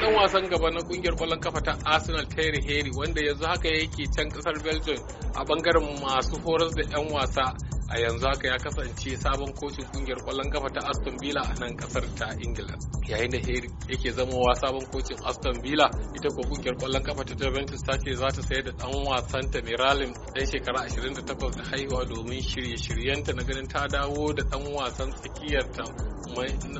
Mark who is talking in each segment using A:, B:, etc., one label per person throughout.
A: dan wasan gaba na kungiyar kwallon kafa ta Arsenal Terry Henry wanda yanzu haka yake can kasar Belgium a bangaren masu horas da 'yan wasa a yanzu haka ya kasance sabon kocin kungiyar kwallon kafa ta Aston Villa a nan kasar ta Ingila yayin da yake zamowa sabon kocin Aston Villa ita ko kungiyar kwallon kafa ta Juventus ta ce za ta sayar da dan wasan ta Miralim dan shekara 28 da haihuwa domin shirye-shiryenta na ganin ta dawo da dan wasan tsakiyar ta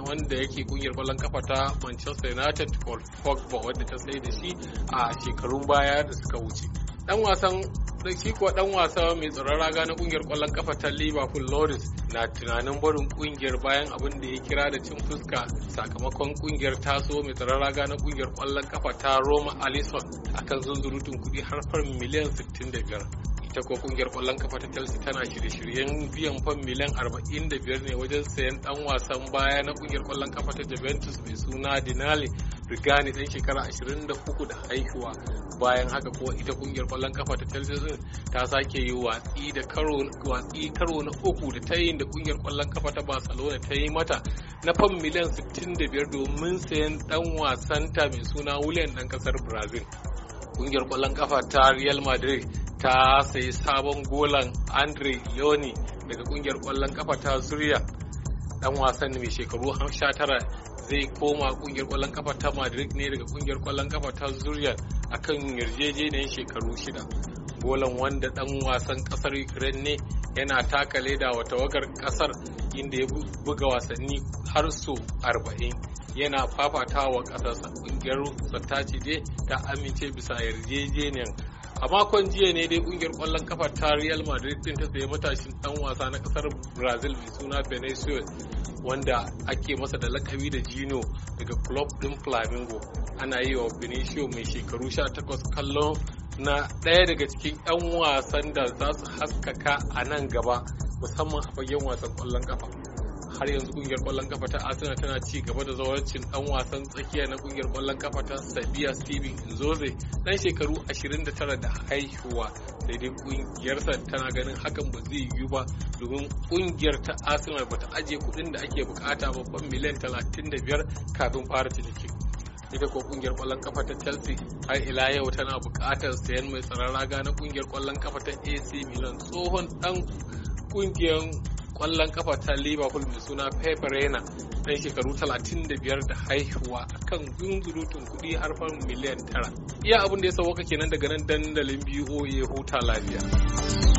A: wanda yake kungiyar kwallon kafa ta Manchester United Paul Pogba wadda ta sai da shi a shekarun baya da suka wuce dan wasan sai shi kuwa dan wasa mai tsaron raga na kungiyar kwallon kafa ta liverpool loris na tunanin barin kungiyar bayan abin da ya kira da cin fuska sakamakon kungiyar taso mai tsaron raga na kungiyar kwallon kafa ta roma alison akan zunzurutun kudi har far miliyan 65 ita kuwa kungiyar kwallon kafa ta chelsea tana shirye-shiryen biyan fan miliyan 45 ne wajen sayan dan wasan baya na kungiyar kwallon kafa ta juventus mai suna dinali rigani dan shekara 23 da haihuwa bayan haka kuma ita kungiyar kwallon kafa ta chelsea ta sake yi watsi da karo watsi karo na uku da ta yi da kungiyar kwallon kafa ta barcelona ta yi mata na fam miliyan 65 domin sayan dan wasan ta mai suna william dan kasar brazil kungiyar kwallon kafa ta real madrid ta sayi sabon golan andre leoni daga kungiyar kwallon kafa ta zuriya dan wasan mai shekaru 19 zai koma kungiyar kwallon kafa ta madrid ne daga kungiyar kwallon kafa ta zuriyar akan yarjejeniyar shekaru shida golan wanda dan wasan kasar ukraine ne yana taka leda wa tawagar kasar inda ya buga wasanni har su 40 yana fafata wa kasarsa kungiyar ta ce ta amince bisa yarjejeniyar a makon jiya ne dai kungiyar kwallon kafa ta real madrid din ta sayi matashin dan wasa na kasar brazil mai suna venezuela wanda ake masa da lakabi da jino daga club din flamingo ana yi wa benicio mai shekaru 18 kallon na ɗaya daga cikin 'yan wasan da za su haskaka a nan gaba musamman a fagen wasan ƙwallon ƙafa. har yanzu kungiyar kwallon kafa ta Arsenal tana ci gaba da zawarcin dan wasan tsakiya na kungiyar kwallon kafa ta Sabia Steven Nzoze dan shekaru 29 da haihuwa da dai sa tana ganin hakan ba zai yiwu ba domin kungiyar ta Arsenal bata aje kuɗin da ake bukata babban miliyan 35 kafin fara ciniki. ita ko kungiyar kwallon kafa ta chelsea har ila yau tana bukatar sayan mai tsaron raga na kungiyar kwallon kafa ta ac milan tsohon dan kungiyar kwallon kafa ta liverpool mai suna pep reina dan shekaru 35 da haihuwa akan gungurutun kuɗi harfan miliyan 9 iya abin da ya sauwaka kenan daga nan dandalin boa huta lafiya